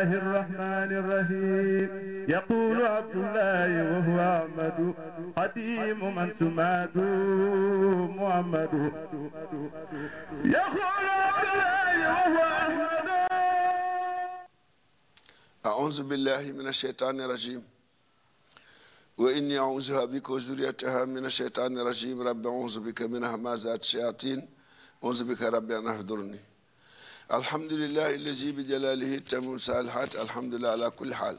الله الرحمن الرحيم يقول عبد الله وهو أحمد قديم من تماد محمد يقول عبد الله وهو أحمد أعوذ بالله من الشيطان الرجيم وإني أعوذها بك وذريتها من الشيطان الرجيم رب أعوذ بك من همازات الشياطين أعوذ بك رب أن أحضرني الحمد لله الذي بجلاله تم صالحات الحمد لله على كل حال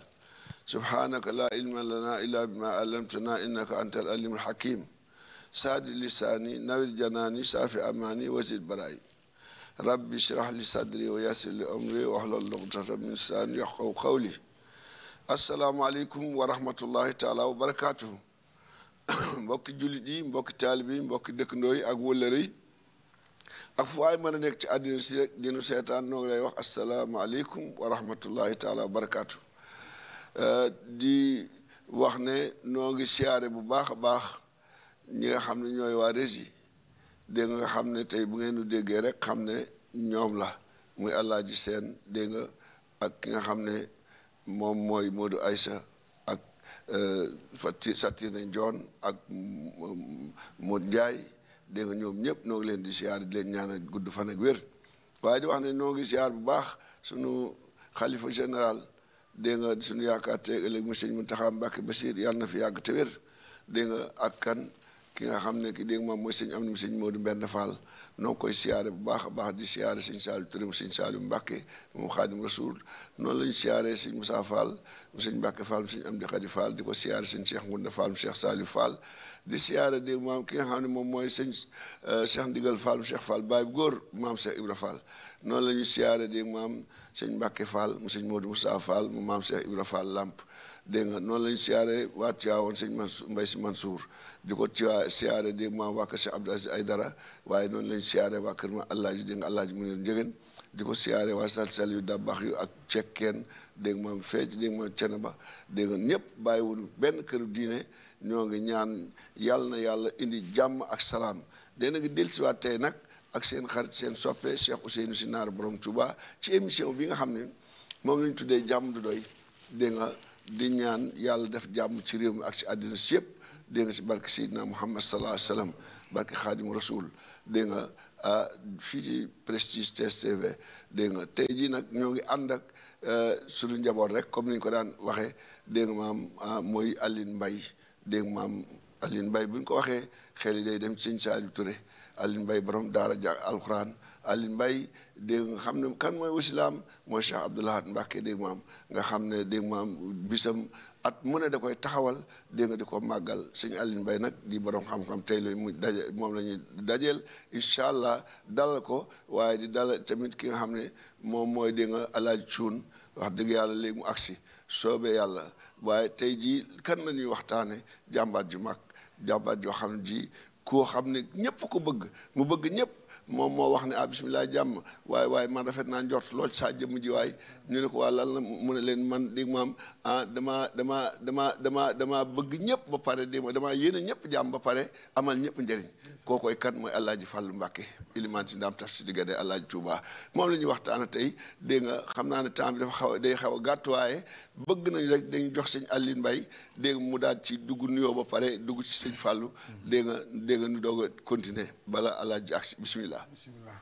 سبحانك لا علم لنا إلا بما علمتنا إنك أنت العليم الحكيم ساد لساني نور جناني صافي أماني وزيد برائي ربي اشرح لي صدري ويسر لي أمري واحلل عقدة من لساني يحقق قولي السلام عليكم ورحمة الله تعالى وبركاته mbokki جولي دي mbokki طالبين yi mbokki dëkkandoo yi ak ak fu waay mën a nekk ci àddina si rek dinu seetaan noo ngi lay wax asalaamaaleykum wa rahmatullahi taala wa barakaatu euh, di wax ne noo ngi siyaare bu baax a baax ñi nga xam ne ñooy waa rési dégg nga xam ne tey bu ngeen nu déggee rek xam ne ñoom la muy ji Seen dégg ak ki nga xam ne moom mooy Modou Aïssa ak euh, Fatou Satina Njoon ak mm, mm, Modou Ndiaye dégg nga ñoom ñëpp noo ngi leen di siyaar di leen ñaanal gudd fan ak wér waaye di wax ne noo ngi siyaar bu baax sunu xalifa général dégg nga sunu yaakaar te ëllëg mu sëñ Muntaxa Mbàkke Basiir yàlla na fi yàgg te wér dégg nga ak kan ki nga xam ne ki moom mooy sëñ am na sëñ Moodu Mbend Fall noo koy siyaare bu baax a baax di siyaare sëñ Saalu Ture mu sëñ Saalu Mbàkke moom Xaadim Rasuul noonu la ñu siyaare sëñ Moussa Fall mu sëñ Mbàkke Fall mu sëñ Amdi Xadi Fall di ko siyaare sëñ Cheikh Ngunda Fall mu Cheikh Saliou Fall di siyaara di maam ki nga xam ne moom mooy sëñ euh, Cheikh Ndigal Fall mu Cheikh Fall Baye góor maam Cheikh Ibra Fall noonu la ñu siyaara di maam sëñ Mbacke Fall mu sëñ Modou Moussa Fall mu maam Cheikh Ibra Fall Lamp dégg nga noonu la ñu siyaare waa Tiwaawoon sëñ mbay Mbaye si Mansour di ko tiwaa siyaare dégg maam waa kër Cheikh Abdou ay dara waaye noonu la ñu siyaare waa kër ma Allaaji dégg nga mu neen njëgeen di ko siyaare waa sal sal yu dabbaax yu ak cekkeen dégg nga maam feec dégg nga dégg nga ñëpp bàyyiwul benn këru diine ñoo ngi ñaan yàlla na yàlla indi jàmm ak salaam dana ngi dellusiwaat tey nag ak seen xarit seen soppe Cheikh Ousseynou si Naar borom Touba ci émission bi nga xam ne moom la ñu tuddee jàmm du doy dégg nga di ñaan yàlla def jàmm ci réew mi ak si àddina si yëpp dégg si ci barke Seydina Muhammad sallallahu alayhi wa sallam barke Xaadimu Rasul dégg nga ah, fii ci Prestige TSTV dégg nga tey jii nag ñoo ngi ànd ak su eh, suñu njaboot rek comme ni ñu ko daan waxee dégg nga maam ah, mooy Aline Mbaye dégg maam Alioune Mbaye bu ñu ko waxee xel yi day dem sëñ Saliou Touré Alioune bay borom daara ja alxuraan Alioune Mbaye dégg nga xam ne kan mooy wasilaam mooy Cheikh Abdoul Ahad Mbacké dégg maam nga xam ne dégg maam bisam at mu ne da koy taxawal dégg di ko màggal siñ Alioune bay nag di borom xam-xam tey looy mu daje moom la ñuy dajeel incha allah dalal ko waaye di dalal tamit ki nga xam ne moom mooy dégg nga alaaj cuun wax dëgg yàlla léegi mu agsi soobee yàlla waaye tey jii kan la ñuy waxtaane jàmbaar ju mag jàmbaar joo xam ji koo xam ne ñëpp ko bëgg mu bëgg ñëpp moom moo wax ne ah bisimilah jàmm waaye waaye man rafet naa njort lool saa jëmm ji waay ñu ne ko waa lal na mu ne leen man dégg maam ah damaa damaa damaa damaa damaa bëgg ñëpp ba pare dégg ma damaa yéene ñëpp jàmm ba pare amal ñëpp njëriñ kookoy kan mooy Alaaji Fàllu Mbàkke ilimaan si si di gadee Alaaji Tuubaa moom la ñuy waxtaana tey dégg nga xam naa ne temps bi dafa xaw day xaw a gàtt bëgg nañ rek dañ jox sëñ Alioune Mbaye dégg mu daal ci dugg nuyoo ba pare dugg ci sëñ Fàllu mm-hmm. dégg nga dégg nga doog a continuer bala Alaaji ak bisimilah بسم الله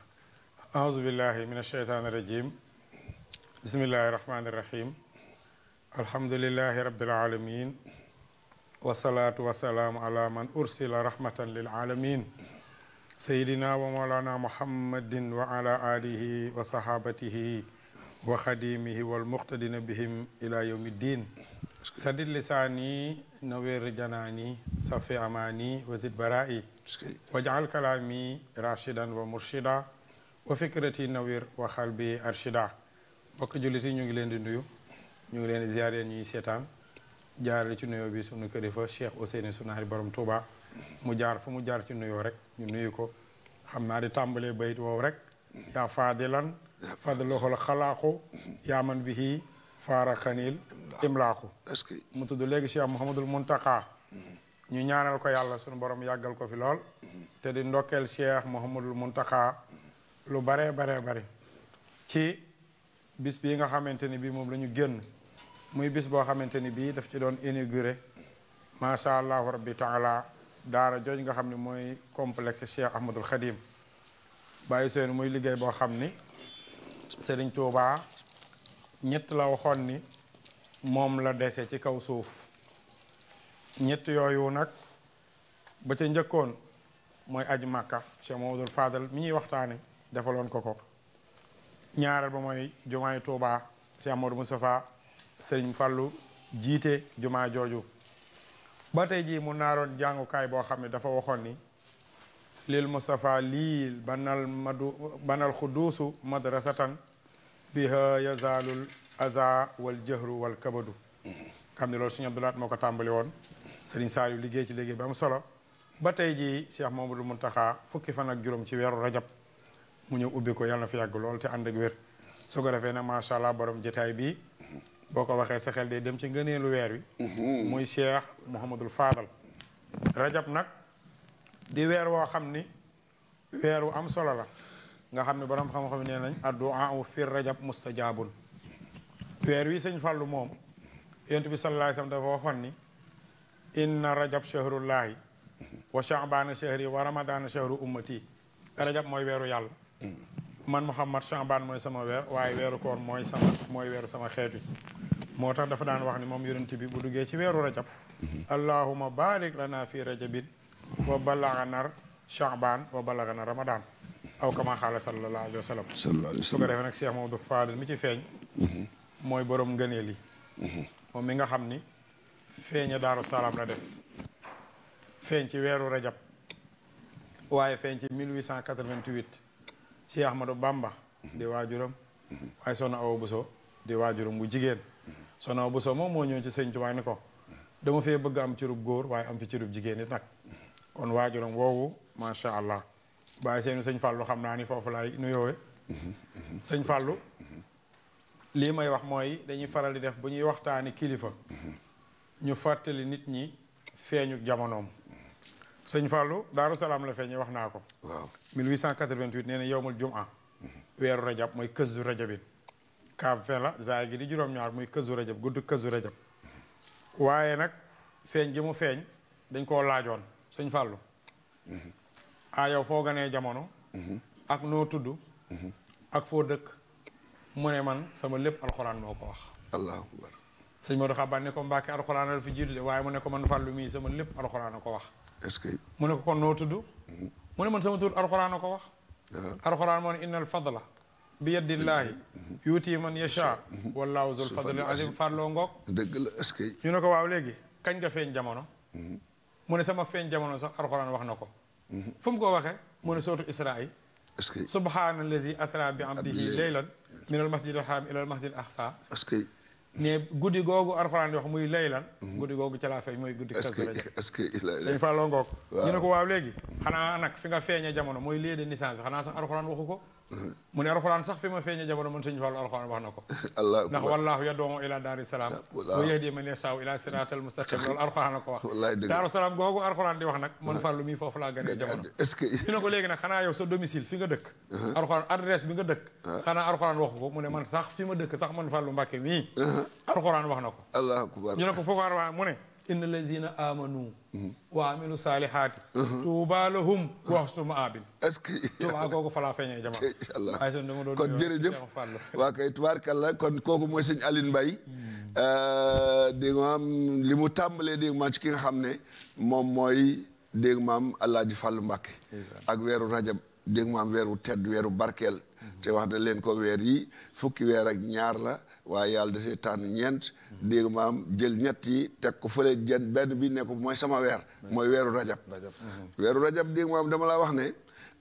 أعوذ بالله من الشيطان الرجيم بسم الله الرحمن الرحيم الحمد لله رب العالمين والصلاة والسلام على من أرسل رحمة للعالمين سيدنا ومولانا محمد وعلى آله وصحابته وخديمه والمقتدين بهم إلى يوم الدين سدد لساني نوير جناني صفي أماني وزد برائي wajal kalaami rashidan wa murshida wa fikrati nawir waxal bi arshida mbokk jullit yi ñu ngi leen di nuyu ñu ngi leen di ziar yéen ñuy seetaan jaarale ci nuyoo bi sunu kilifa Cheikh Ousseynou Sunaari borom Touba mu jaar fu mu jaar ci nuyoo rek ñu nuyu ko xam naa di tàmbalee bayit woow rek yaa faadilan fadluhul xalaaqu yaa man bihi faara xaniil imlaaqu mu tudd léegi Cheikh Mouhamadul Muntaqa ñu ñaanal ko yalla suñu borom yagal ko fi lol te di ndokel cheikh mohamadul muntaxa lu bare bare bare ci bis bi nga xamanteni bi mom lañu genn muy bis bo xamanteni bi daf ci doon ma sha allah rabbi taala daara joj nga xamni moy complexe cheikh ahmadul khadim baye seen muy liggey bo xamni serigne touba tuubaa ñett la waxoon ni mom la déssé ci kaw suuf ñetti yooyu nag ba ca njëkkoon mooy aj màkka Cheikh Mamadou Fadal mi ñuy waxtaane defaloon ko ko ñaareel ba mooy jumaay Tuubaa Cheikh Amadou Moustapha Sëriñ falu jiite jumaa jooju ba tey jii mu naaroon jàngukaay boo xam ne dafa waxoon ni lil Moustapha lii banal madu banal xuduusu madrasatan biha yazaalul aza wal jëhru wal kabadu mm-hmm. xam ne loolu Sëriñ Abdou Lahad moo ko tàmbali woon Serigne Saliou liggéey ci léegi bi am solo ba tey jii Cheikh mun Mountakha fukki fan ak juróom ci weeru rajab mu ñëw ubbi ko yàlla na fi yàgg lool te ànd ak wér ko defee nag macha allah borom jotaay bi boo ko waxee sa xel day dem ci ngëneelu weer mhm. muy Cheikh Mouhamadul Fadal. rajab nag di weer woo xam ni weer wu am solo la nga xam ne borom xam-xam nee nañ addu'a fiir rajab mustajaabun weer wi sëñ Fallou moom yonent bi sallallahu dafa waxoon ni. inna rajab shahrullahi wa chaabana shahri wa ramadana shahru ummati rajab mooy weeru yàlla man muhammad chaabaan mooy sama weer waaye weeru koor mooy sama mooy weeru sama xeet wi moo tax dafa daan wax ni moom yonent bi bu duggee ci weeru rajab allahuma barik lana fi rajabin wa balaganar chaabaan wa balagana ramadan aw kama xaala sallallahu alayhi wa sallam su ko defee nag Cheikh Maodo Fadel mi ci feeñ mhm. mooy borom ngëneel yi mhm. moom mi nga xam ni feeña daaru salaam la def feeñ ci weeru rajab waaye feeñ ci 1888 ci Ahmadou bàmba di waajuram waaye soxna Awa Bousso di waajuram bu jigéen soxna Awa Bousso moom moo ñëw ci sëñ Tuubaa ni ko dama fee bëgg am cërub góor waaye am fi cërub jigéen it nag kon waajuram woowu macha allah bàyyi seenu sëñ Fallou xam naa ni foofu laay nuyoowee sëñ Fallou lii may wax mooy dañuy faral di def bu ñuy waxtaani kilifa ñu fàttali nit ñi feeñu jamono sëñ Fallou Daaru Salaam la feeñee wax naa ko. waaw 1888 nee na yowmal jumaa weeru rajab mooy kësu rajabin kaab fen la zaay gi di juróom-ñaar muy kësu rajab gudd kësu rajab waaye nag feeñ gi mu feeñ dañ koo laajoon sëñ Fallou. ah yow foo ganee jamono. ak noo tudd. ak foo dëkk mu ne man sama lépp alxuraan moo ko wax. sëñ Modou Xaban ne ko Mbacke alxuraan la fi jiitu de waaye mu ne ko man fàllu mii sama lépp alxuraan a ko wax. est ce que. mu ne ko kon noo tudd. mu ne man sama tur alxuraan a ko wax. alxuraan moo ne innal fadla. bi yaddillahi yuuti man yasha wallahu zul fadlil azim farloo ngoog dëgg la est-ce que ñu ne ko waaw léegi kañ nga feeñ jamono mu ne sama feeñ jamono sax alxuraan wax na ko fu mu ko waxee mu ne sootu isra yi subhaana allazi asra bi abdihi leylan min al masjid al haram ila al masjid al aqsa ne guddi googu arxuraan wax muy laylan guddi googu ca feeñ mooy guddi Kazu Rajab que sëñ Fallou ngoog ñu ne ko waaw léegi xanaa nag fi nga feeñee jamono mooy lieu de bi xanaa sax arxuraan waxu ko mu ne alxuraan sax fi ma feeñee jamono man sëñ Fallu alxuraan wax na ko ndax wallaahu yad'u ila daari salaam wa yahdi man yashaa ila siraatal mustaqim loolu alxuraan la ko wax daaru salaam googu alxuraan di wax nag man Fallu mii foofu laa gënee jamono ñu ne ko léegi nag xanaa yow sa domicile fi nga dëkk uh-huh. alxuraan adresse bi nga dëkk uh-huh. xanaa alxuraan waxu ko mu ne man sax fi ma dëkk sax man Fallu Mbàkke mii uh-huh. alxuraan wax na ko ñu ne ko foo ko alxuraan inna lazina amanu mhm. wa amilu saalihaati mhm. tuuba lahum wa husnu maabin est ce que tuuba kooku falaa feeñee jama incha allah kon kooku mooy sëñ Aline Mbaye hmm. euh, dégg nga maam li mu tàmbalee dégg maam ci ki nga xam ne moom mooy dégg maam Alaaji Fall Mbàkke ak weeru rajab dégg maam weeru tedd weeru barkeel te wax da leen ko weer yi fukki weer ak ñaar la waaye yàlla dafay tànn ñeent dégg maam jël ñetti yi teg ko fële jën benn bi ne mooy sama weer mooy weeru rajab weeru rajab dégg maam dama laa wax ne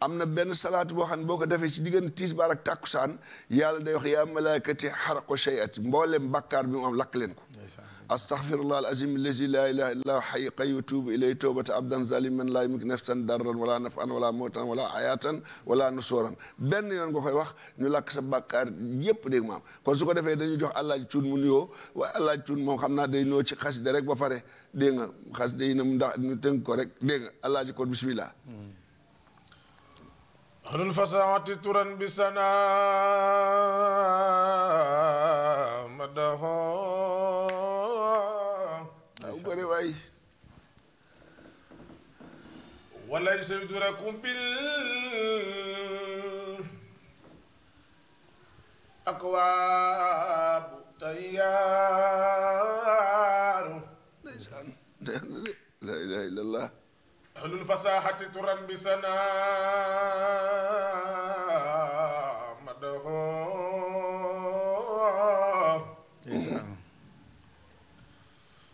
am na benn salaat boo xam ne boo ko defee ci diggante tisbaar ak saan yàlla day wax yaa malaakati xaraqo shay'ati mboolem bàkkaar bi mu am lakk leen ko أستغفر الله العظيم الذي لا إله إلا هو حي يتوب إليه توبة عبدا ظالما لا يملك نفسا ضرا ولا نفعا ولا موتا ولا حياة ولا نصورا بن يون غوخاي واخ ني لاك سبكار ييب ديك مام كون سوكو ديفاي دانيو جوخ الله تشون مو نيو و الله تشون مو خامنا داي نو سي خاص دي رك با فاري دينغ خاص دي نم ندا نتنكو رك دينغ الله جي كون بسم الله أهل الفصاحة ترا بسنا مده أبري واي ولا يسدركم بال أقواب تيار لا إله إلا الله أهل الفصاحة ترا بسنا مده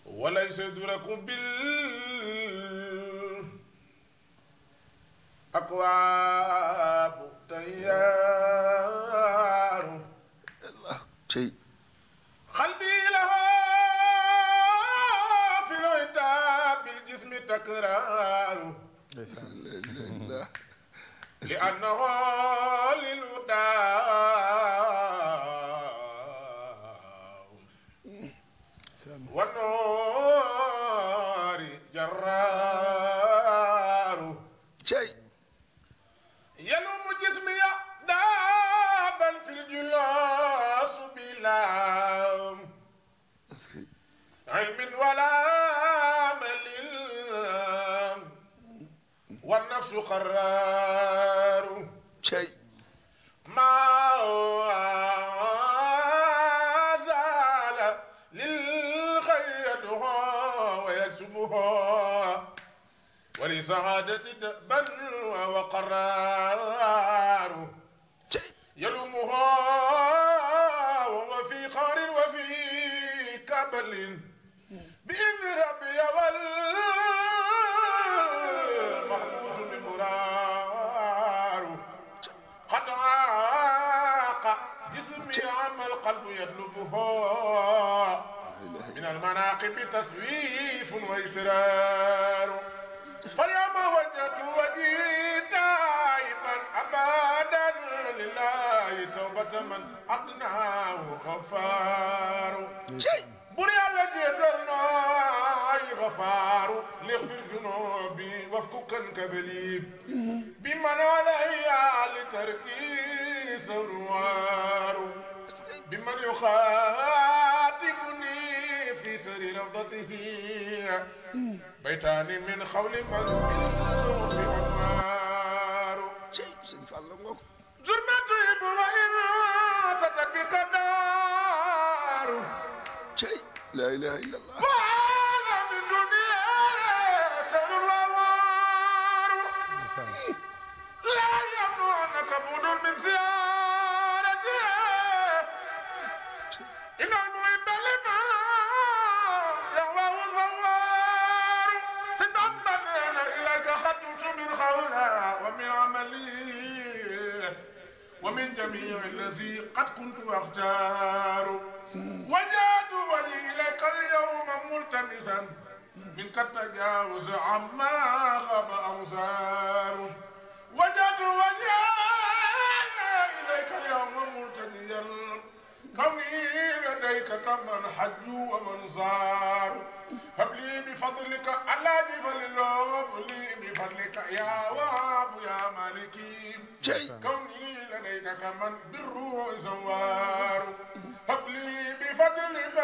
وليس يدركم بالأقواب تيار takraaru li annahu lil hudaa القرار شيء ما زال للخير ويكسبها ولسعادة دبا وقرار القلب يطلبه من المناقب تسويف وإسرار فاليوم وجدت وجهي تائبا أبدا لله توبة من أقناه غفار بري الذي درناي غفار ليغفر جنوبي وفكك الكبليب بمن علي لتركي سروار بمن يخاطبني في سر روضته بيتان من خول من عمار شيء النار شيء لا إله إلا الله وعلى من دنيا الوار لا من ثياب إليك من ومن عملي ومن جميع الذي قد كنت أختار وجاءت ولي إليك اليوم ملتمسا منك التجاوز عما غاب أوزار وجاءت وجهي إليك اليوم ملتمسا قولي لديك كمن حج ومن زار هب لي بفضلك على جبل هب لي بفضلك يا واب يا مالكي كوني لديك كمن بر وزوار هب لي بفضلك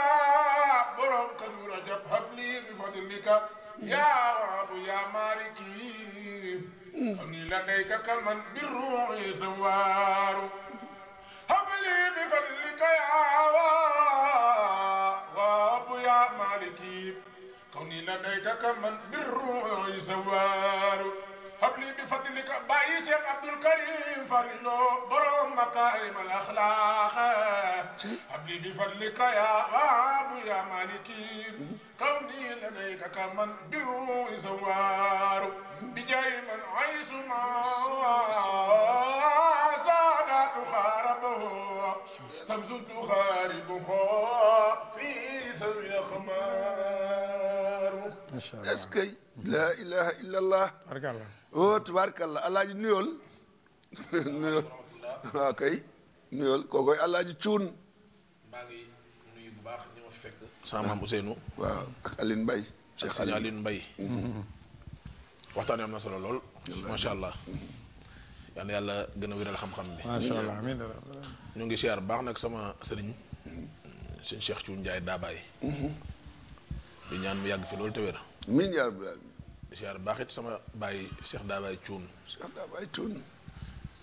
برم كزور جب هب لي بفضلك يا واب يا مالكي كوني لديك كمن بر وزوار هب لي بفضلك يا واب يا مالكي كوني لديك كمن بالروح زوار هب لي بفضلك باي شيخ عبد الكريم فرلو برم مكارم الاخلاق هب بفضلك يا واب يا مالكي كوني لديك كمن بالروح زوار بجاي من عيسو ما تخاربه سمز تخارب في سم يخمار اسكي لا اله الا الله تبارك الله او تبارك الله الله نيول نيول اوكي نيول كوكو الله تشون سامع موسينو وعلين باي شيخ علين باي وقتاني امنا صلى الله ما شاء الله yal yàlla gën a wéral xam-xam bi. macha allah amiin ñu ngi siyaar baax nag sama sëriñ. Mm-hmm. sëñ Cheikh Thiou Ndiaye Dabaye. Mm-hmm. di ñaan mu yàgg fi loolu te wér. miin yaa siyaar baax sama bàyyi Cheikh Dabaye Thiou. Cheikh Dabaye Thiou.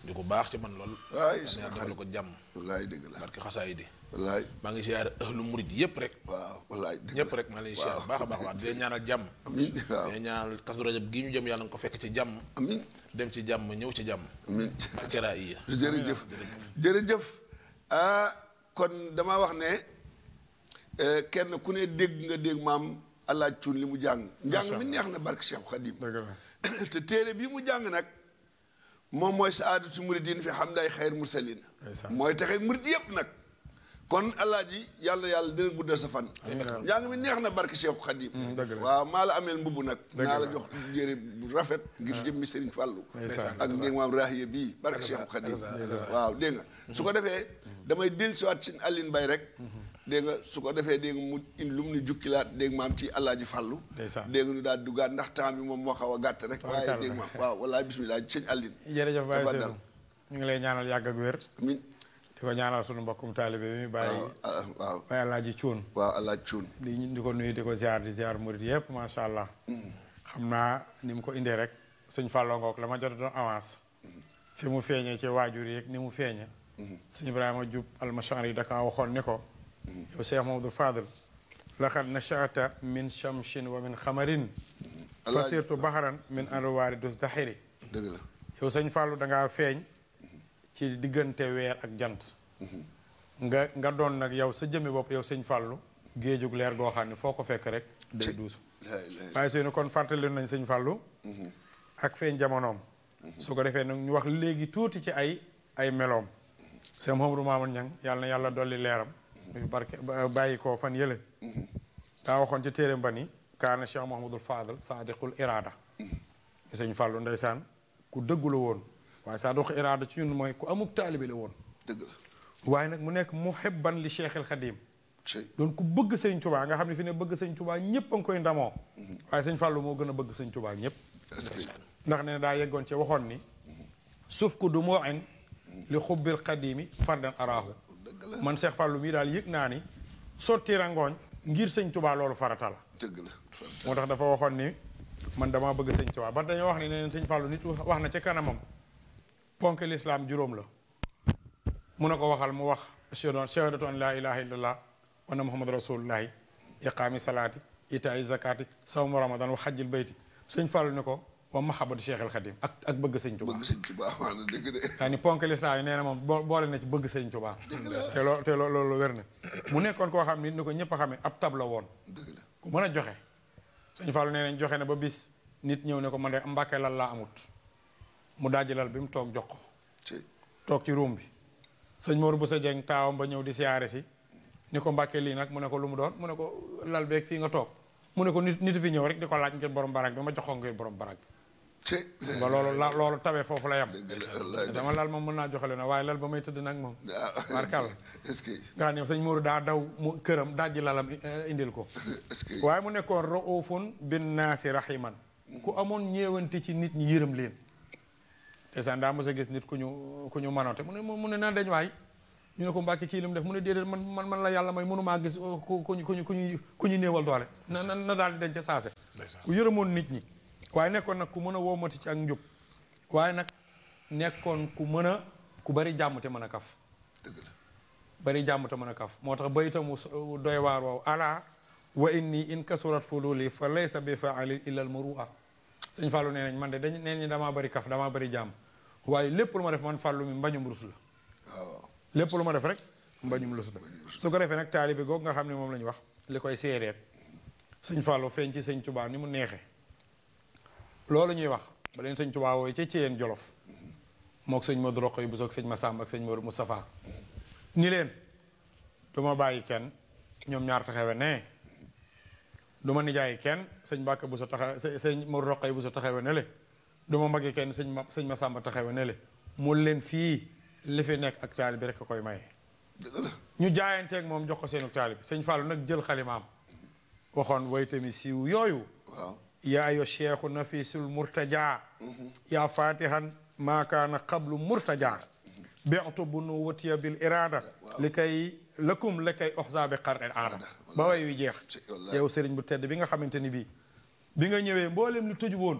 di ko baax ci man lool. waay sama xarit ko jàmm. wallaay dëgg la xasaay di. wallaay maa ngi ziar ahlu murid yëpp rek. waaw wallaay ñëpp rek maa ngi lay ziar baax a baax waaw di leen ñaanal jàmm. amiin waaw di ñaanal kasu rajab gii ñu jëm yàlla nga ko fekk ci jàmm. amiin dem ci jàmm ñëw ci jàmm. amiin ak cëraa yi. jërëjëf jërëjëf ah kon dama wax ne eh, kenn ku ne dégg nga dégg maam allah cuun li mu jàng. njàng mi neex na barke Cheikh Khadim. te téere bii mu jàng nag. moom mooy saadatu muridin fi hamday xayr mursalin mooy taxe murid yëpp nag. kon alaaji yàlla yàlla dina guddal sa fan yaa ngi mi neex na barke Cheikh Khadim mm, waaw maa la ameel mbubb nag naa la jox yére bu rafet ngir ah. jëmmi Serigne Fallou ak ndég maam raahiya bii barke Cheikh Khadim waaw dégg nga su ko defee damay dellu siwaat sin Aline Bay rek dégg nga su ko defee dégg nga mu in lu mu jukkilaat dégg maam ci alaaji Fallou dégg nga ñu daal dugaat ndax temps bi moom moo xaw a gàtt rek waaye waaw wallaay bismillah sëñ Aline jërëjëf Baye Seydou ñu ngi lay ñaanal yàgg ak wér di ko ñaanal sunu mbokkum taalibe bi mu bàyyi ah, ah, ah, waaw may cuun di ko nuyu di ko ziar di ziar murit yëpp macha allah mm. xam naa ni ko indee rek suñ fàlloo la ma jot doon avance mm. fi mu feeñee ci waajur yi ni mu feeñe mm. suñu Ibrahima Jub almachar yi daka waxoon ni ko yow Cheikh Mamadou Fadl laqad nachata min chamchin wa min xamarin fa sirtu baharan min alwaari dus daxiri yow sëñ Fàllu dangaa feeñ ci diggante weer ak jant nga nga doon nag yow sa jëmmi bopp yow sañ fàllu géejug leer goo xam ne foo ko fekk rek day duusu waaye sëñ kon fàttali nañ sëñ fàllu mm-hmm. ak feeñ jamonoom mm-hmm. su ko defee nag ñu wax léegi tuuti ci ay ay meloom mm-hmm. sëñ Mouhamadou Mamoune Niang yàlla yàlla dolli leeram muy barke bàyyi koo fan yële daa waxoon ci téere mba ni kaana Cheikh Mouhamadul Fadal saadiqul iraada sëñ fàllu ndaysaan ku dëggu la woon waaye saaduq iraada ci ñun mooy ku amuk taalibi la woon. waaye nag mu nekk muhibban li Cheikh El Khadim. doon ku bëgg sëñ Touba nga xam ne fi ne bëgg sëñ Touba ñëpp a ngi koy ndamoo. Mm-hmm. moo gën a bëgg sëñ Touba ñëpp. ndax nee daa yeggoon ci waxoon ni. Mm-hmm. suuf ko du moo en mm-hmm. li xubbil xadimi fardan araahu man Cheikh Fallou mii daal yëg naa ni. sotti rangooñ ngir sëñ Touba loolu farata la. moo tax dafa waxoon ni man damaa bëgg sëñ Touba ba dañoo wax ne nee na sëñ Fallou nit wax na ci kanamam. ponk lislaam juróom la mun na ko waxal mu wax shahadatu an laa ilaha illallah wa anna muhammad rasulullahi iqaami salaati itaay zakaati sawmu ramadan wa xajjil bayti sëñ Fallou ne ko wa mahabatu Cheikh al Xadim ak ak bëgg sëñ Tuubaa bëgg sëñ Tuubaa wax na dëgg de yaa ni ponk lislaam yi nee na moom boole na ci bëgg sëñ Tuubaa te loo loolu wér mu nekkoon koo xam ni ni ko ñëpp a xamee ab tab la woon ku mën a joxe sëñ Fallou nee nañ joxe na ba bis nit ñëw ne ko man de Mbàkke laa amut mu daajalal bi mu toog jox ko toog ci ruum bi sëñ bu Boussa Dieng taawam ba ñëw di siyaare si ni ko mbàkke lii nag mu ne ko lu mu doon mu ne ko lal beeg fii nga toog mu ne ko nit nit fi ñëw rek di ko laaj ngir borom barak ma jox borom barak bi ba loolu la loolu tawee foofu la yam sama lal moom naa joxale na waaye lal ba may tëdd nag moom ah. barkal nga ne sëñ Mourou daa daw mu këram dajji lalam eh, indil ko waaye mu nekkoon raufun bin naasi rahiman hmm. ku amoon ñeewanti ci nit ñi yërëm leen ndeysaan daa mos a gis nit ku ñu ku ñu manote mu ne mu ne na waay ñu ne ko mbàkke kii lu mu def mu ne déedéet man man man la yàlla may mënumaa gis ku oh, ku ku ñu ku ñu néewal doole na na na daal di dañ ca saase ku yërëmoon nit ñi waaye nekkoon nag ku mën a woomati ci ak njub waaye nag nekkoon ku mën a ku bari jàmm mën a kaf dëgg la bari a kaf moo tax baytamu uh, doy waar waaw ala wa inni in kasurat fululi fa laysa bi faalin illa al murua sëñ Fallou nee nañ man de dañ neen damaa bari kaf damaa bari jàmm waaye lépp lu ma def man Fallou mi mbañum rus la lépp lu ma def rek mbañum rus la su ko defee nag taalibe googu nga xam ne moom la wax li koy séeréer sëñ Fallou feeñ ci sëñ Tubaa ni mu neexee loolu ñuy wax ba leen sëñ Tubaa wooyu ca Ceyeen Jolof mook sëñ ma Roqo yi bu soog sëñ Massamba ak sëñ ma Moustapha ni leen duma bàyyi kenn ñoom ñaar taxawe ne du ma nijaay kenn sëñ Mbàkke bu sa taxa sëñ Mor Roqay bu sa taxawe ne le du ma kenn sëñ ma sëñ Masamba taxawe ne le mu leen fii li fi nekk ak taali bi rek a koy maye. ñu jaayanteeg moom jox ko seenu taali bi sëñ Fallou nag jël xalimaam waxoon way tamit siiw yooyu. waaw yaa yo cheikhu nafisul murtaja mhm. yaa fatihan maakaana qablu murtaja mhm. bi'tu bu nu watiya bil irada li kay lëkkum lekkay oxsaabi xarxil aada ba way wi jeex yow sëriñ bu tedd bi nga xamante ni bii bi nga ñëwee mboolem lu tëj woon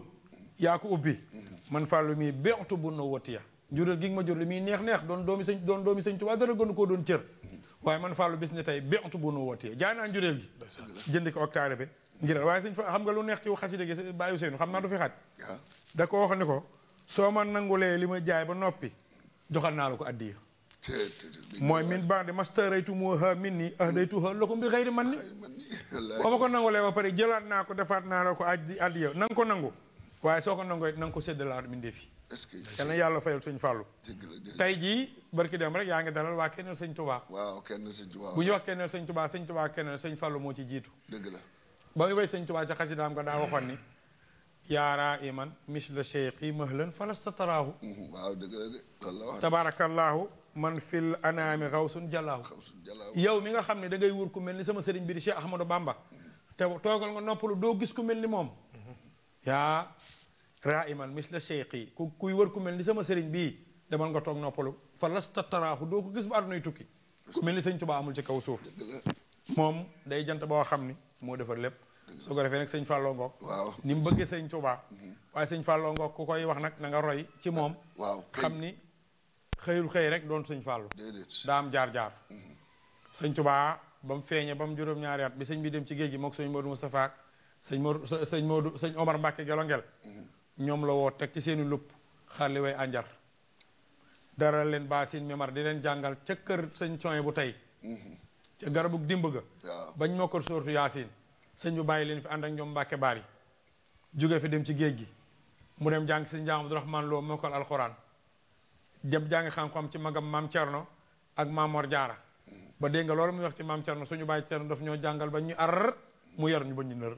yaa ko ubbi mhm. man fàllu mii beextu bu na watiya njural gi nga ma jur li muy neex neex doon doomi sëñ doon doomi sëñ Tuubaa dara gënu koo doon cër mhm. waaye man fàllu bis ni tey beextu bu na watiya jaay naa njural gi jënd ko octaare bi ngir waaye sëñ fa xam nga lu neex ci xasida gi bàyyi seenu xam naa du fi da ko wax ni ko soo ma nangulee li ma jaay ba noppi joxal naa la ko addiya mooy min baax de mastaraytumuha minni ahdaytuha lakum bi ghayri manni ba ma ko nangulee ba pare jëlaat naa ko defaat naa ko aj addi yow na ko nangu waaye soo ko nangoo na nga ko séddalaat mbindeef yi fi na yàlla fayal sëñ Fallou tey jii barki dem rek yaa ngi dalal waa kennel sëñ Touba waaw kennel sëñ Touba bu ñu wax kennel sëñ Touba sëñ Touba kennel sëñ Fallou moo ci jiitu dëgg la ba muy way sëñ Touba ca xasidaam nga daa waxoon ni yaa iman misla cheikhi mahlan falasta taraahu waaw dëgg la la wax tabarakallahu man fil anaami xawsun jalaahu yow mi nga xam ne da ngay wër ku mel ni sama sëriñ bi di Cheikh Ahmadou Bamba te toogal nga noppalu doo gis ku mel ni moom yaa raa iman misla cheikhi ku kuy wër ku mel ni sama sëriñ bii demal nga toog noppalu falasta taraahu doo ko gis ba àddunay tukki ku mel ni sëñ Tuubaa amul ci kaw suuf moom day jant boo xam ni moo defal lépp so ko defee nag sëñ Fallou Ngok. waaw ni mu bëggee sëñ Touba. waaye seigne fallo Ngok ku koy wax nak na nga roy ci mom waaw xamni xeyul xey rek doon seigne fallo da am jaar jaar. seigne Touba bam feñe bam jurom ñaar bi seigne bi dem ci geejgi mok seigne Modou mustapha seigne Modou seigne Modou seigne Omar Mbacke Gelongel. ñom la wo tek ci seenu lupp xali way dara ba baasin memar di len jangal ci keur seigne Soye bu tay mm-hmm. ci garabu dimbuga bañ sortu yasin sëñ bi bàyyi leen fi ànd ak ñoom Mbàkke baar yi jóge fi dem ci géej gi mu dem jàng sëñ jaam Abdourahman Lo mokkal alxuraan jëm jàng xam-xam ci magam maam Thierno ak maam Mor Jaara ba dégg nga loolu muy wax ci maam Thierno suñu bàyyi daf ñoo jàngal ba ñu ar mu yar ñu ba ñu nër.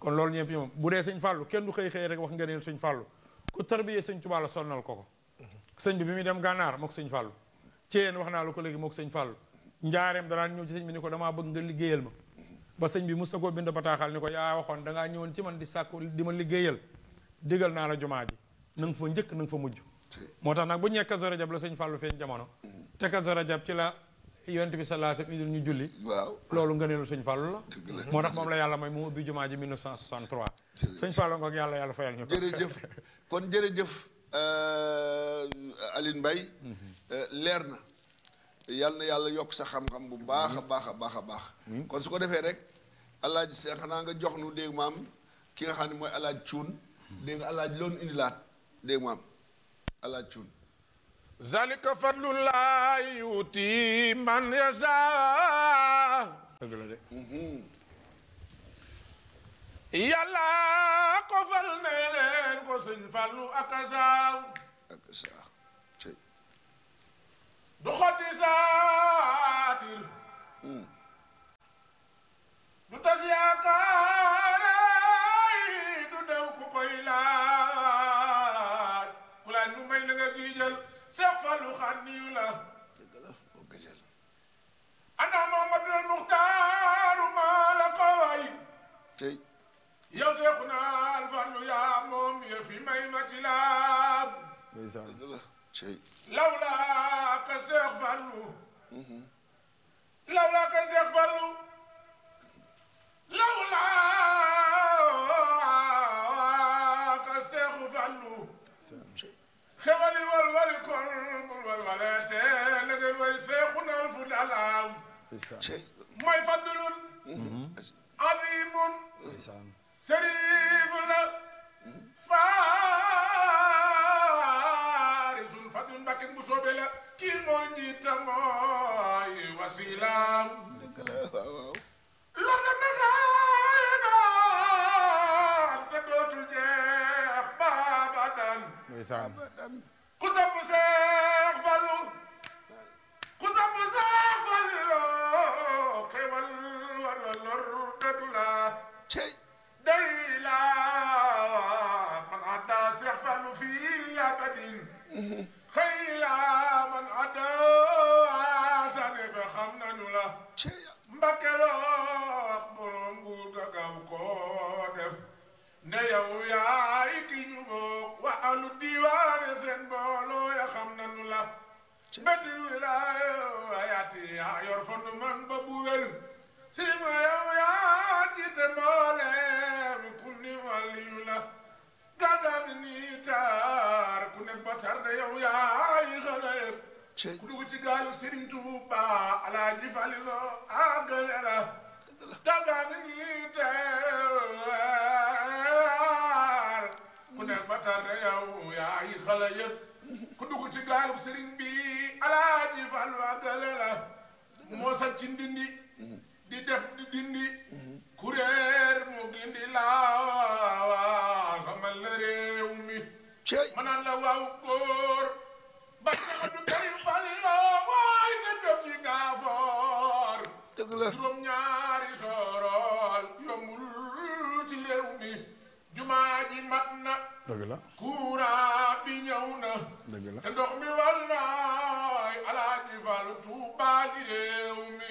kon loolu ñëpp moom bu dee sëñ Fallou kenn du xëy xëy rek wax nga ne sëñ Fallou ku tarbiyee sëñ Tuubaa la sonnal ko ko. sëñ bi bi muy dem gànnaar mook sëñ Fallou. Thièyeen wax naa ko léegi mook sëñ Fallou njaareem danaan ñëw ci sëñ bi ni ko damaa bëgg nga liggéeyal ma ba sëñ bi mos na koo bind bataaxal ni ko yaa waxoon dangaa ñëwoon ci man di sàkku di ma liggéeyal digal naa la jumaa ji na nga fa njëkk na fa mujj moo tax nag bu ñee kazu rajab la sëñ Fallou feeñ jamono te kazu rajab ci la yonent bi sallallahu alayhi wasallam ñu julli waaw loolu ngëneelu sëñ Fallou la moo tax moom la yàlla may mu ubbi jumaa ji 1963 sëñ Fallou nga yàlla yàlla fayal ñu jërëjëf kon jërëjëf euh, Aline Mbaye mm-hmm. leer na yàlla na yàlla yokk sa xam-xam bu baax a mm-hmm. baax a baax a baax mm-hmm. kon su ko defee rek alaaji seex xanaa nga jox nu dégg ki nga xam ne mooy alaaji cuun dégg nga alaaji loonu indilaat dégg cuun zalika fadlullahi yuti man yasaa dëgg la mm-hmm. ko fal ne leen ak saaw ak du xotti saatir mm. du tas yaakaar du daw ku koy laaj ku laaj mu may la nga giijal seex falu xànniyu la ana Muhammadul Muxtaaru maa la ko way yow seexu naal falu yaa moom ya fi may ma ci laab lawlaa ka seex falu lawlaa ka seex falu walwali kon bul walwaleete na ngeen way seexuna al fu dalaaw mooy fadlul azimun sharif la faarisun fadlul mbàkke bu soobee la kii mooy njiita mooy wasilaam lor na naxaare baan te dootul jeex baabadan ne yow yaay ki ñu bokk wa alu diwaane seen sima yow yaa jiite mboolem ku ni waliyu la nga daan ni taar ku ne batar na yow yaa yi xale ku dugg ci gaalu Serigne Touba Alaaji Falilo àggale la nga daan ni taar ku ne ci gaalu Serigne bi Alaaji Falilo àggale la moo sa di def di dindi kuréer mu gindi laa xamal la réew mi ma naan la waaw góor ba Abdou Karim Fallilo waay nga jëm ci gaafoor dëgg ci réew mi jumaa ji mat na dëgg la bi ñëw na dëgg la ndox mi wal naay alaaji Fall Tuubaa réew mi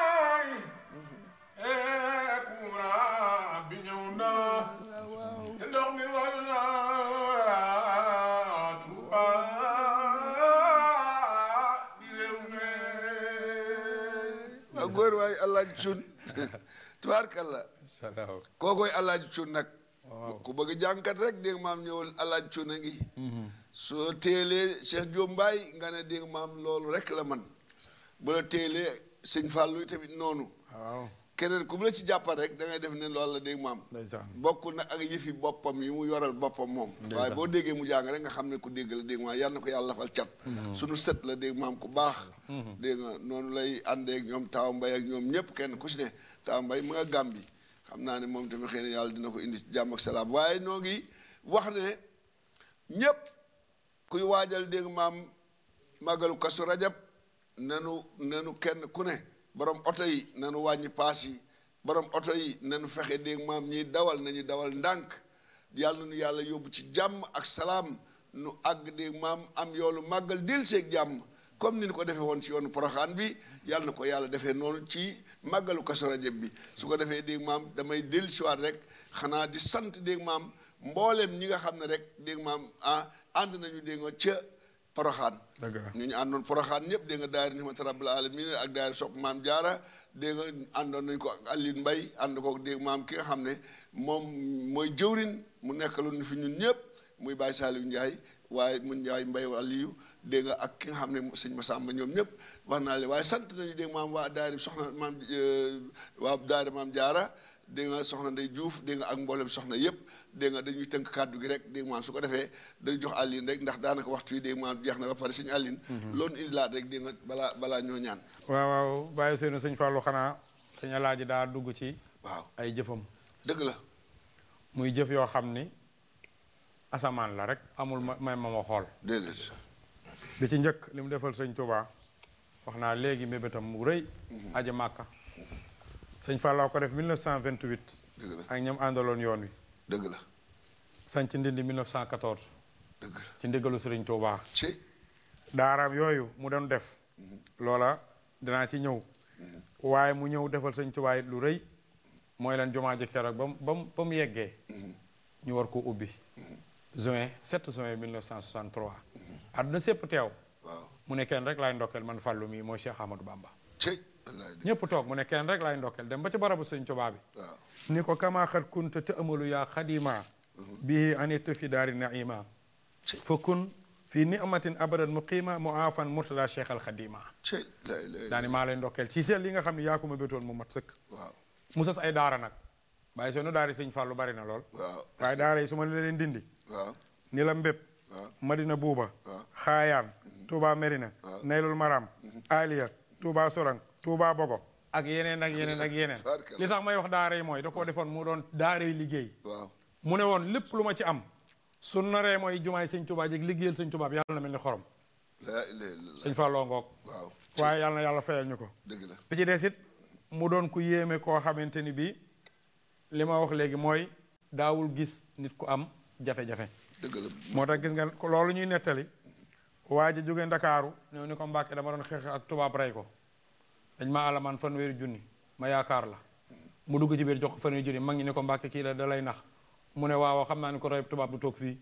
góor waaye Alaaji Cuun tubaarkalla kookooy Alaaji Cuun nag ku bëgg jànkat rek dégg maam ñëwul Alaaji Cuun a ngi mm-hmm. soo teelee Cheikh Diop Mbaye nga ne dégg maam loolu rek la man bu la teelee sëñ Fallou tamit noonu keneen ku mu la ci jàppal rek da ngay def ne loolu la dégg maam bokkul na ak yëfi boppam yi mu yoral boppam moom waaye boo déggee mu jàng rek nga xam ne ku dégg la dégg maam na ko yàlla lafal cat mm-hmm. suñu set la dégg ku baax mm-hmm. dégg noonu lay àndee ñoom taaw mbay ak ñoom ñëpp kenn ku ci ne taaw mbay mu nga gàmbi xam naa ne moom tamit xëy yàlla dina ko indi ci jàmm ak noo ngi wax waajal dégg maam màggalu kasu rajab nanu nenu kenn ku ne borom oto yi nanu wàññi paas yi borom oto yi nanu fexe dégg maam ñiy dawal nañu dawal ndànk yàlla nu yàlla yóbbu ci jàmm ak salaam nu àgg dégg maam am yoonu màggal dil seeg jàmm comme ni ñu ko defee woon ci yoonu poroxaan bi yàlla na ko yàlla defee noonu ci màggalu Kazu Rajab bi su ko defee dégg maam damay dellu siwaat rek xanaa di sant dégg maam mbooleem ñi nga xam ne rek dégg maam ah ànd nañu dégg nga ca poroxaan ñu ñu àndoon poroxaan ñëpp dégg nga daayira Nihmatul Rabbil Alamin ak daayira sopp maam jaara dégg nga àndoon nañu ko ak alli mbay ànd ko dégg maam ki nga xam ne moom mooy jëwrin mu nekk nekkaloon ñu fi ñun ñëpp muy Baye Saliou Ndiaye waaye mu Ndiaye Mbaye Aliou dégg nga ak ki nga xam ne sëñ Massamba ñoom ñëpp wax naa leen waaye sant nañu dégg waa daayira soxna maam euh, waa daayira maam jaara dégg nga soxna Ndey Juuf dégg nga ak mboolem soxna yëpp dégg nga dañuy tënk kàddu gi rek dégg nga su ko defee dañu jox àllin rek ndax daanaka waxtu yi dégg nga maanaam jeex na ba pare suñu àllin mhm. loolu indi laat rek dégg balaa balaa ñoo ñaan waaw waaw bàyyi seenu sëñ Fallou xanaa sëñ Alaaji daa dugg ci waaw ay jëfam dëgg la muy jëf yoo xam ni asamaan la rek amul may ma ma xool déedéet bi ci njëkk li mu defal sëñ Touba wax naa léegi mébétam mu rëy mhm. aji màkka sëñ Fallou ko def 1928. dëgg la ak ñoom àndaloon yoon wi. dëgg la. sanc ndindi 1914. dëgg la ci ndigalu Sëriñ Touba. ci. daaraam yooyu mu doon def. Mhm. loola danaa ci ñëw. Mhm. waaye mu ñëw defal sëñ Touba it lu rëy. mooy leen jumaa ji keroog ba mu ba mu ba mu yeggee. Mhm. ñu war ko ubbi. juin 7 juin 1963. àdduna sépp teew. waaw mu ne kenn rek laay ndokkeel man Fallou mii mooy Cheikh Ahmadou ñëpp toog mu ne kenn rek laay ndokkeel dem ba ci barabu sëñ Tuubaa bi ni ko kamaaxat kunta te amalu yaa xadima mhm. bihi anit fi daari naima fa kun fii ni'matin abadan muqima mu'afan murtada cheikh al xadima daani maa lay ndokkeel ci seen li nga xam ne yaa ko ma bétoon mu mat sëkk mu sas ay daara nag bàyyi seenu daari sëñ Fàllu bari na lool waaye daara yi su ma la leen dindi ni la mbépp madina buuba xaayaan mhm. Touba Merina naylul maram mhm. aliya Touba sorang Touba Bogo ak yeneen ak yeneen ak yeneen li tax may wax daara yi mooy da koo defoon mu doon daara yi liggéey mu ne woon lépp lu ma ci am su naree mooy jumaay sëñ Touba jég liggéeyal sëñ Touba bi na mel ni xorom sëñ Fallou ngoog waaye yàlla na yàlla fayal ñu ko dëgg la ci des it mu doon ku yéeme koo xamante ni bii li ma wax léegi mooy daawul gis nit ku am jafe-jafe moo tax gis nga loolu ñuy nettali waa ji jóge Ndakaaru ñëw ni ko Mbàkke dama doon xeex ak tubaab rey ko dañ alaman fan fanweeri junni ma yaakar la mu dugg ci biir jox fan fanweeri junni mag ñi ne ko mbàkke ki la dalay nax mu ne waaw xam naa ni ko royub tubaab du toog fii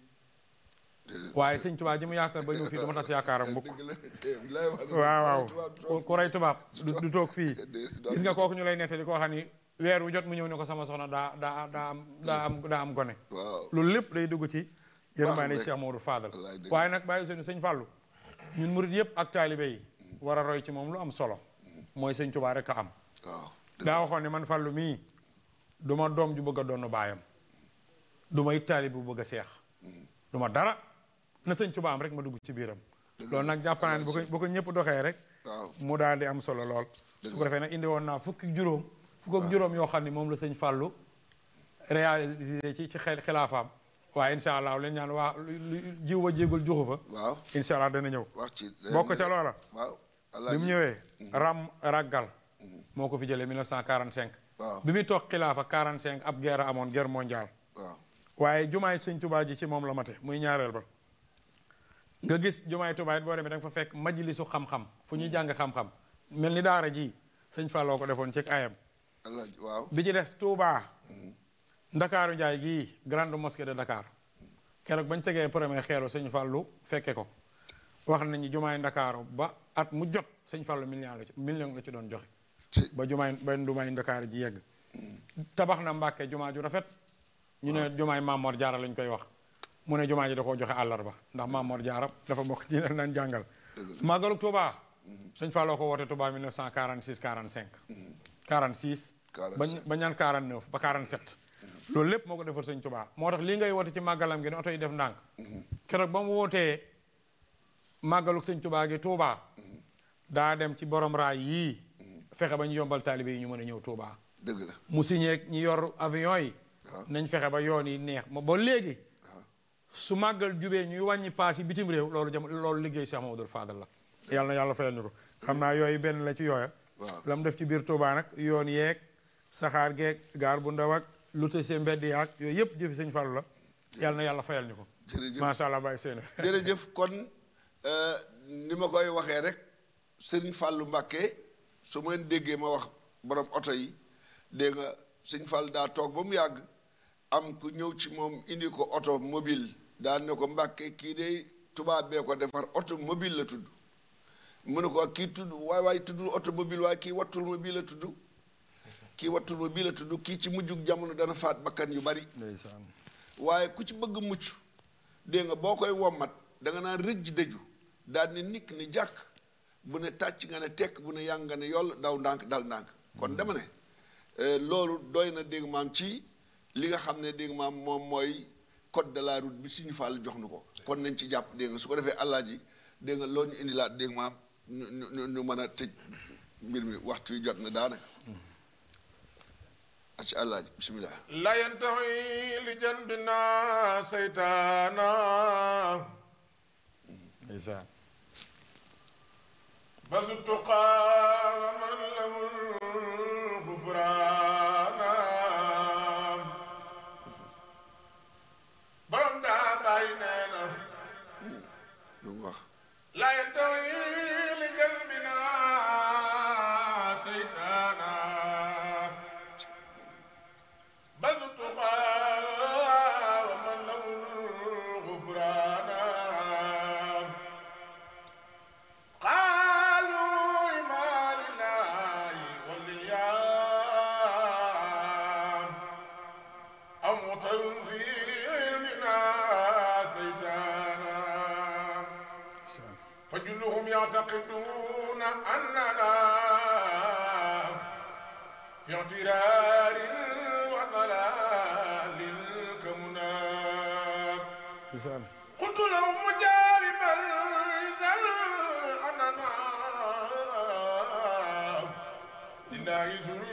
waaye sëñ tubaab ji mu yaakar ba ñu fii dama tas ak mbokk waaw waaw ko roy tubaab du toog fii gis nga kooku ñu lay nettali koo xam ni wu jot mu ñëw ne ko sama soxna daa daa daa am daa am daa am gone loolu lépp day dugg ci yërmaane Cheikh Mamadou Fadal waaye nag bàyyi seen sëñ Fàllu ñun murid yëpp ak taalibe yi war roy ci moom lu am solo mooy sëñ Tuubaa rek a am. daa waxoon ne man fàllu mii du ma doom ju bëgg a doon baayam du ma it taalib bu bëgg a seex. duma dara na sëñ Tuubaa am rek ma dugg ci biiram. loolu nag jàpp naa ne bu ko bu doxee rek. mu daal di am solo lool. su ko defee nag indi woon naa fukki juróom. fukk ak juróom yoo xam ni moom la sëñ fàllu réalisé ci ci xel xilaafaam. waaw incha allah leen waa jiw ba jéegul juxu fa. waaw incha allah dana ñëw. bokk ca loola. bi mu ñëwee. Mhm. Ram Ragal. Mhm. moo ko fi jëlee 1945. waaw bi muy toog xilaafa 45 ab guerre amoon guerre mondiale. waaw waaye jumaay sëñ Tuubaa ji ci moom la mate muy ñaareel ba. nga gis jumaay Tuubaa it boo demee da nga fa fekk majlisu xam-xam fu ñuy mhm. jàng xam-xam. mel ni daara ji sëñ Falloo ko defoon ci ayam. waaw bi ci des Touba. Ndakaaru Njaay gi grande mosquée de Dakar. keroog bañ tegee premier xeeru sëñ Fallu fekke ko. wax nañu jumaay ndakaaru ba at mu jot sëñ Fallou million la ci million la ci doon joxe ba jumaay ba jumaay ndakaaru ji yegg tabax na Mbàkke jumaa ju rafet ñu ne jumaay Mamor Jaara lañ koy wax mu ne jumaa ji da koo joxe àllarba ndax Mamor Jaara dafa bokk ci leen daan jàngal màggalu Tuubaa mhm. sëñ Fallou ko woote Tuubaa 1946 45 46 ba ñaan 49 ba 47 mhm. loolu lépp moo ko defal sëñ Tuubaa moo tax lii ngay woote ci màggalam gi ne oto yi def ndànk mhm. keroog ba mu wootee màggaluk sëñ tubaa gi tuubaa daa dem ci borom raay yii fexe ba ñu yombal taalibe yi ñu mën a ñëw tuubaa mu signé ñi yor avion yi nañ fexe ba yoon yi neex ma ba léegi su màggal jubee ñuy wàññi paas yi bitim réew loolu jam loolu liggéey Cheikh Mamadou Fadal la yàlla na yàlla fayal ñu ko xam naa yooyu benn la ci yooya la def ci biir tuubaa yoon yeeg saxaar geeg gaar bu ndaw ak lu te yëpp jëfi sëñ Fallu la yàlla na yàlla fayal ñu ko allah bàyyi seen Euh, ni ma koy waxee rek sëriñ Fàllu Mbàkke su ma déggee ma wax borom oto yi dégg nga sëñ Fàll daa toog ba mu yàgg am ku ñëw ci moom indi ko oto mobile daan ne ko Mbàkke kii de tubaab bee ko defar oto mobile la tudd mu ne ko kii tuddu waay waaye tuddul oto mobile waaye kii wattul mobile la tudd kii wattul mobile la tudd kii ci mujjug jamono dana faat bakkan yu bari waaye ku ci bëgg mucc dégg nga boo koy wommat da nga naan rëj dëju daal ni nikk ni jàkk bu ne tàcc nga ne tekk bu ne yàng nga ne yoll ndaw ndànk dal ndànk kon dama ne euh, loolu doy na dégg maam ci li nga xam ne dégg maam moom mooy code de la route bi suñu faal jox nu ko kon nañ ci jàpp dégg nga su ko defee àllaaji dégg nga loolu ñu indilaat dégg maam ñu ñu mën a tëj mbir mi waxtu wi jot na daanaka ci àllaaji bisimilah la yantaxi li jandina seytaana بس من ومن له وامترار وضلال كمنا قلت لهم مجاربا إذا أننا لله ذو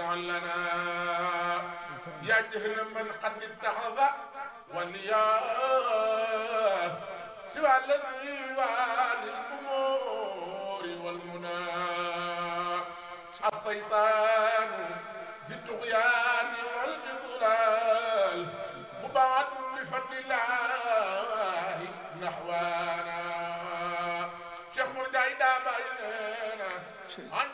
اجعل لنا يا جهنم من قد اتخذ وليا سوى الذي والي الامور والمنى الشيطان ذي الطغيان والاضلال مبعد بفضل الله نحوانا شيخ مرجعي دابا عن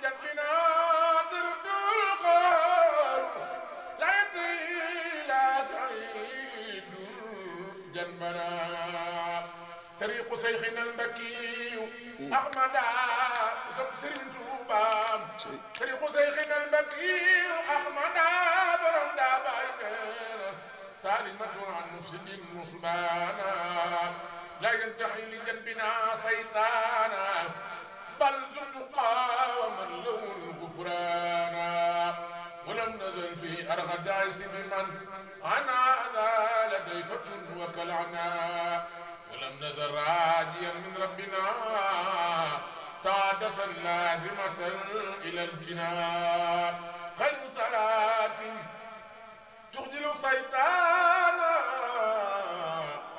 أحمد سري توبا سري خزيخين البكي أحمد برم دابايك سالمة عن نفس مصبانا لا ينتحي لجنبنا سيطانا بل زندقا ومن له الغفران ولم نزل في أرغد عيسى بمن أنا أذا لدي فتن وكلعنا نزل راجيا من ربنا سعادة لازمة إلى الجنان خير صلاة تخدر سيطانا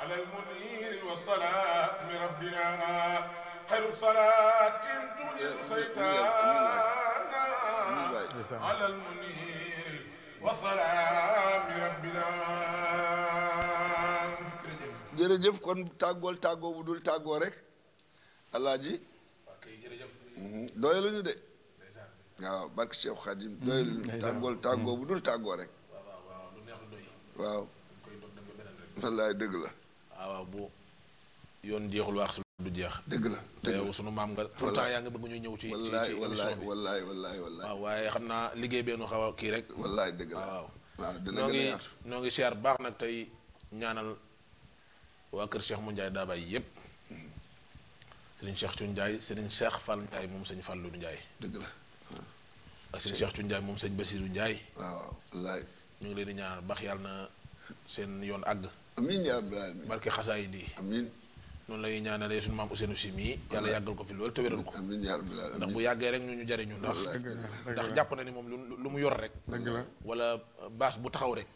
على المنير والصلاة من ربنا خير صلاة تخدر سيطانا على المنير والصلاة من ربنا jërëjëf kon tàggool tàggoo bu dul tàggoo rek alaaji mhm, doyaluñu de waaw barke Cheikh Khadim mhm, doyaluñu tàggool tàggoo mhm. bu dul tàggoo rek waaw dëgg la ah, waaw bu yoon jeexul wax du jeex dëgg la te sunu maam nga pourtant yaa ngi bëgg ñëw ci wallaay wallaay wallaay waaw waaye xam naa liggéey benn xaw kii rek wallaay dëgg la ah, waaw noo siyaar baax nag tey ñaanal waa kër Cheikh mu Ndiaye Daabay yëpp sëriñ Cheikh Thiou Ndiaye sëriñ Cheikh Fall Ndiaye moom sëñ Fallou njaay dëgg la ak sëriñ Cheikh moom sëñ Basirou Ndiaye. waaw ñu ngi leen di ñaanal baax yàlla na seen yoon àgg. amiin yaa amiin barke xasaay di. amiin noonu la ñuy ñaanalee suñu maam Ousseynou Sy mii yàlla yàggal ko fi loolu te wéral ko ndax bu yàggee rek ñu ñu jariñu ndax ndax jàpp na ni moom lu mu yor rek. dëgg la wala baas bu taxaw rek.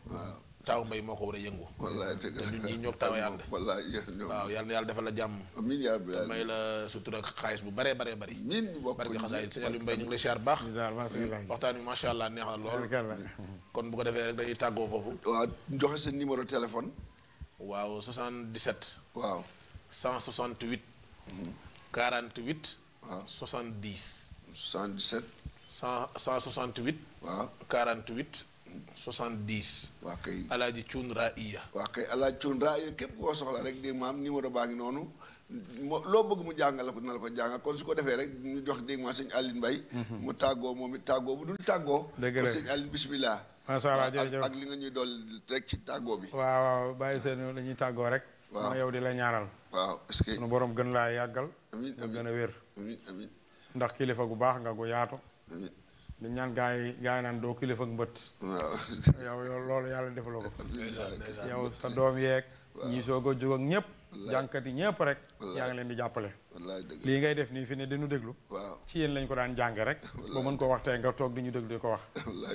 taaw mbay moo ko war a yëngu. wallaay dëgg la te ñun ñii ñoo taaw yi ànd. wallaay waaw yal na yàlla defal la jàmm. amiin yaa bi may la sutura ak xaalis bu bëree bëree bëri. miin bu bokk nañu xasaay sëñ Aliou Mbaye ñu ngi lay siyaar baax. waxtaan wi macha allah neex na lool. kon bu ko defee rek dañuy tàggoo foofu. waaw joxe sa numéro téléphone. waaw 77. waaw 168. 48. Mm-hmm. waaw 70. 77. 100 168. waaw 48. 70. waa kay Alaaji Cuun Raaya. waa kay Alaaji Cuun Raaya képp koo soxla rek dégg maam baa ngi noonu loo bëgg mu jàngal ko dina la ko jàngal kon su ko defee rek ñu jox dégg maam sëñ Aline mhm. mu tàggoo moom it tàggoo bu dul tàggoo. dëgg la sëñ Aline bisimilah. macha allah jërëjëf ak li nga ñuy dool rek ci tàggoo bi. waaw waaw bàyyi seen la ñuy tàggoo rek. waaw ma yow di la ñaanal. waaw est-ce que gën laa yàggal. amiin gën a wér. ndax kilifa gu baax nga gu yaato di ñaan gaa yi gaa doo kilifa ak mbët yow loolu yàlla defaloo ko yow sa doom yeeg ñii soog a ñëpp jànkat yi ñëpp rek yaa ngi leen di jàppale lii ngay def nii fi ne dañu déglu waaw ci yéen lañ ko daan jàng rek ba mën koo wax tey nga toog di ñu déglu wax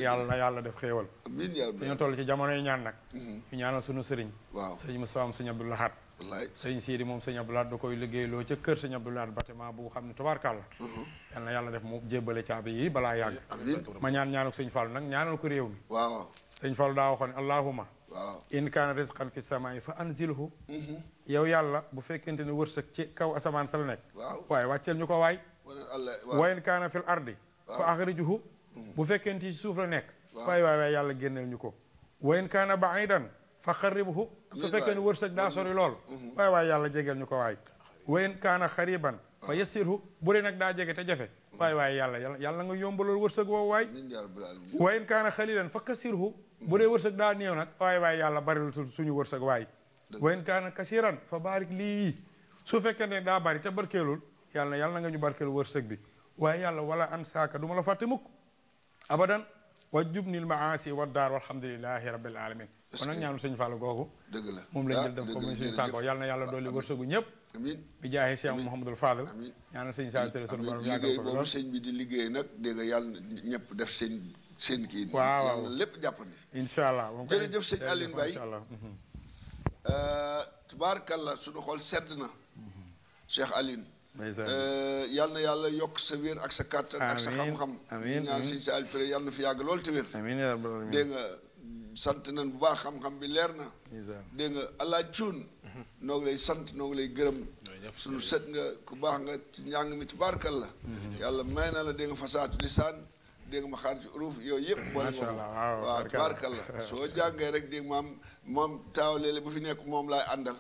yàlla na yàlla def xéewal dañoo toll ci jamonoy ñaan nag mm-hmm. ñu ñaanal sunu sëriñ waaw sëriñ Moustapha am sëriñ Abdou Lahad sëriñ Sidi moom sëriñ Abdou Lahad da koy liggéeyloo ca kër sëriñ Abdou Lahad bâtiment bu xam ne tubaarkàlla mm-hmm. yal na yàlla def mu jébbale caabi yi balaa yàgg ma ñaan ñaanal sëriñ Fallou nag ñaanal ko réew mi sëriñ Fallou daa waxoon allahuma waaw in kaana rizqan fi samaay fa anzilhu yow yàlla bu fekkente ne wërsëg ci kaw asamaan sa la nekk waaye wàcceel ñu ko waay wa in kaana fil ardi fa axrijuhu bu fekkente ci suuf la nekk waaye waay waay yàlla génneel ñu ko wa in kaana baidan fa xarribhu su fekkee ne wërsëg daa sori lool waaye waay yàlla jegeel ñu ko waay wa in kaana xariban fa yassirhu bu dee nag daa jege te jafe waaye waay yàlla yàlla nga yombalool wërsëg woowu waay wa in kaana xalilan fa kasirhu bu dee wërsëg daa néew nag waaye waaye yàlla baril suñu wërsëg waay wayen kaana kasiran fa baarik lii su fekkee ne daa bari te barkeelul yàlla yàlla nga ñu barkeelu wërsëg bi waaye yàlla wala an saaka du la fàtte mukk abadan wa jubnil maasi wa daar walhamdulilahi rabbil alamin kon nag ñaanu sëñ Fallou googu dëgg la moom lañ jël def ah, ko muy suñu tàggoo yàlla na yàlla dolli wërsëgu ñëpp bi jaaxee Cheikh Mouhamadul Fadal ñaanal sëñ Saliou Touré sunu borom liggéey bi di liggéey nag dégg yàlla ñëpp def seen seen kii. waaw waaw yàlla lépp jàppandi. incha allah jërëjëf sëñ Aline Baye incha allah. Mhm. Euh, tubaarkàlla suñu xol sedd na. Mhm. Cheikh Aline. Euh, yal yàlla yokk sa wér ak sa kàttan ak sa xam-xam. ñaan sëñ si Alioune Touré yal na fi yàgg lool te wér. amiin nga sant nañ bu baax xam-xam bi leer na. dégg nga allah cuun. Mhm. noo lay sant noo lay gërëm. suñu sët nga ku baax nga ci njàng mi tubaarkàlla. yàlla may na la dégg nga fasaatu lisaan dégg nga ma xaar ci ruuf yooyu yëpp boole moom waaw la soo jàngee rek dégg maam moom taaw léeg bu fi nekk moom laay àndal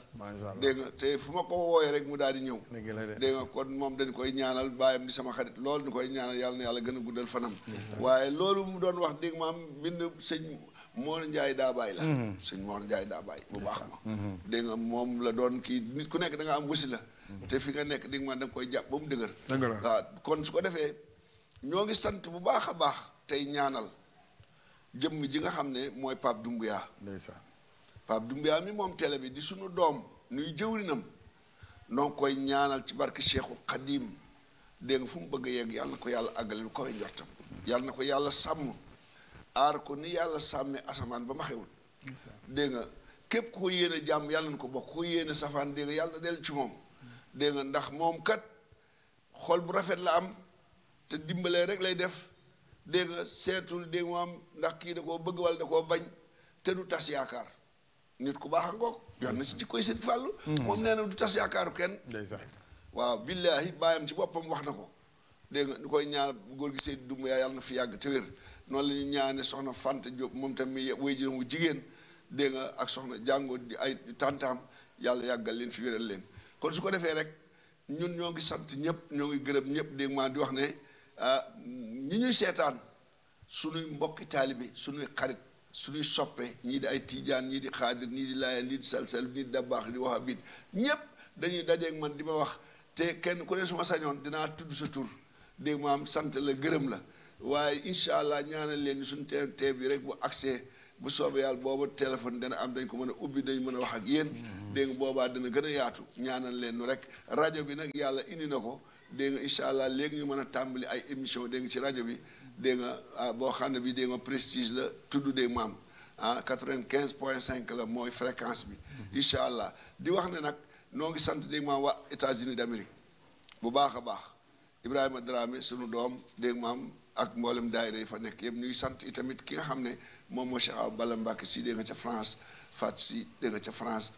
dégg te fu ma ko wooyee rek mu daal di ñëw dégg nga kon moom dañ koy ñaanal bàyyam di sama xarit loolu ñu koy ñaanal yàlla na yàlla gën a guddal fanam waaye loolu mu doon wax dégg maam bind sëñ Moor Njaay daa la mm-hmm. sëñ Moor Njaay daa bàyyi bu baax ma mm-hmm. dégg nga moom la doon kii nit ku nekk da am wasi la mm-hmm. te fi nga nekk dégg nga maam koy jàpp ba mu dëgër waaw kon su ko defee ñoo ngi sant bu baax a baax tey ñaanal jëmm ji nga xam ne mooy Pape Doumbouya ndeysaan Pape Doumbouya mi moom télé bi di suñu doom nuy jëwrinam noo koy ñaanal ci barke Cheikhul Khadim dégg nga fu mu bëgg a yegg yàlla ko yàlla àggale lu koy njortam na ko yàlla sàmm aar ko ni yàlla sàmmee asamaan ba ma xewul dégg nga képp ku ko yéene jàmm yàlla na ko bokk ku ko safaan dégg nga yàlla del ci moom dégg nga ndax moom kat xool bu rafet la am te dimbalee rek lay def dégg seetul dégg mu am ndax kii da koo bëgg walla da koo bañ te du tas yaakaar nit ku baax a ngoog yor ci si jikkoy sëñ Fallou hmm. moom nee na du tas yaakaaru kenn waaw billaahi baayam ci boppam wax na ko dégg nga ñu koy ñaan góor gi Seydou Doumbouya yàlla na fi yàgg te wér noonu la ñu ñaane soxna Fanta Diop moom tam mi wéy jëram mu jigéen dégg nga ak soxna jàngoo di ay tàntaam yàlla yàggal leen fi wéral leen kon su ko defee rek ñun ñoo ngi sant ñëpp ñoo ngi gërëm ñëpp dégg maa di wax ne Euh, ñi ñuy seetaan suñuy mbokki taalibe suñuy xarit suñuy soppe ñii di ay tiijaan ñii di xaadir ñii di laayeen ñii di salsal ñii di dabbaax di wahabit ñépp dañuy dajeeg man di ma wax te kenn ku ne suma sañoon dinaa tudd sa tur dégg am sant la gërëm la waaye incha allah ñaanal leen suñu tee tee bi rek bu accès bu soobee yàlla booba téléphone dana am dañ ko mën a ubbi dañ mën a wax ak yéen mm-hmm. dégg nga boobaa dana gën a yaatu ñaanal leen nu rek rajo bi nag yàlla indi na ko dégg nga incha allah léegi ñu mën a tàmbali ay émission dénga ci rajo bi dégg nga ah, boo xam ne bi dégg nga prestige la tudd des maam ah 95 point 5 la mooy fréquence bi mhm. incha allah di wax ne nag noo ngi sant dégg maam waa États-Unis d'Amérique bu baax a baax Ibrahima Dramé sunu doom dégg maam ak mboolem daayira yi fa nekk yëpp ñuy sant itamit ki nga xam ne moom moo Cheikh Awa Balla Mbacke si dégg ca France Fat si dégg ca France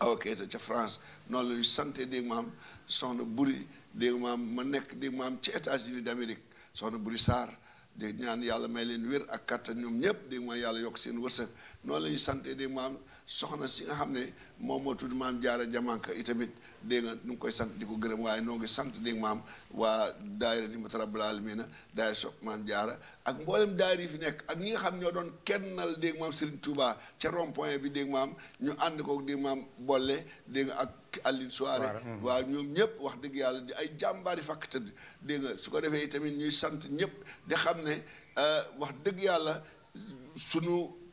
aw Keita ca France noonu la ñu sante dégg maam soxna Buri dégg nga maam ma nekk dégg nga maam ci États-Unis d'Amérique soxna Buri saar dégg ñaan yàlla may leen wér ak kattan ñoom ñëpp dégg nga yàlla yokk seen wërsëg noonu la ñu sante dégg nga maam soxna si nga xam ne moom moo tudd maam jaara jamanka itamit dégg nga nu ngi koy sant di ko gërëm waaye noo ngi sant dégg maam waa daayira di mata rabbal alamina daayira sopp maam jaara ak mbooleem daayira yi fi nekk ak ñi nga xam ñoo doon kennal dégg maam Serigne Touba ca rond point bi dégg maam ñu ànd kook dégg maam bolle dégg nga ak Aline Soare mhm. waa ñoom ñëpp wax dëgg yàlla di ay jàmbaari fàkk tëdd dégg nga su ko defee itamit ñuy sant ñëpp di xam ne euh, wax dëgg yàlla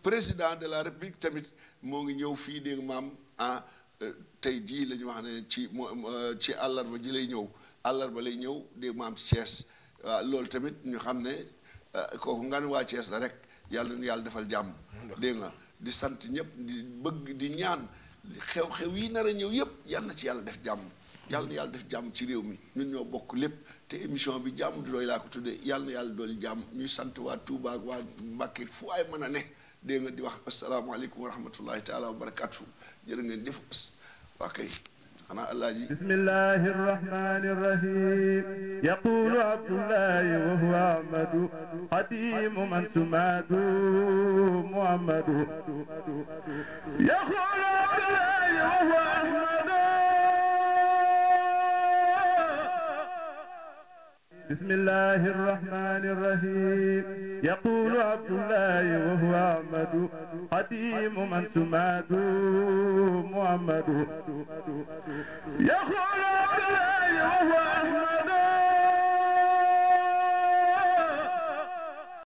président de la république tamit moo ngi ñëw fii dégg maam ah euh, tey jii la ñu wax ne ci euh, ci àllarba ji lay ñëw àllarba lay ñëw dégg maam ci loolu tamit ñu xam ne euh, kooku nga ne waa Thiès la rek yàlla nu yàlla defal jàmm dégg na di sant ñëpp di bëgg di ñaan xew-xew yi nar a ñëw yëpp yal na ci yàlla def jàmm yàlla na yàlla def jàmm ci réew mi ñun ñoo bokk lépp te émission bi jàmm du doy laa ko tuddee yàlla na yàlla dool jàmm ñuy sant waa Touba ak waa Mbàkke fu ay mën a ne de nga di wax assalamu alaykum wa rahmatullahi ta'ala wa barakatuh jeur ngeen def wakay xana allah ji bismillahi rrahmani rrahim yaqulu abdullah wa huwa amadu qadim man tumadu muhammadu yaqulu abdullah بسم الله الرحمن الرحيم يقول عبد الله وهو أحمد قديم من تماد محمد يقول عبد الله وهو عمد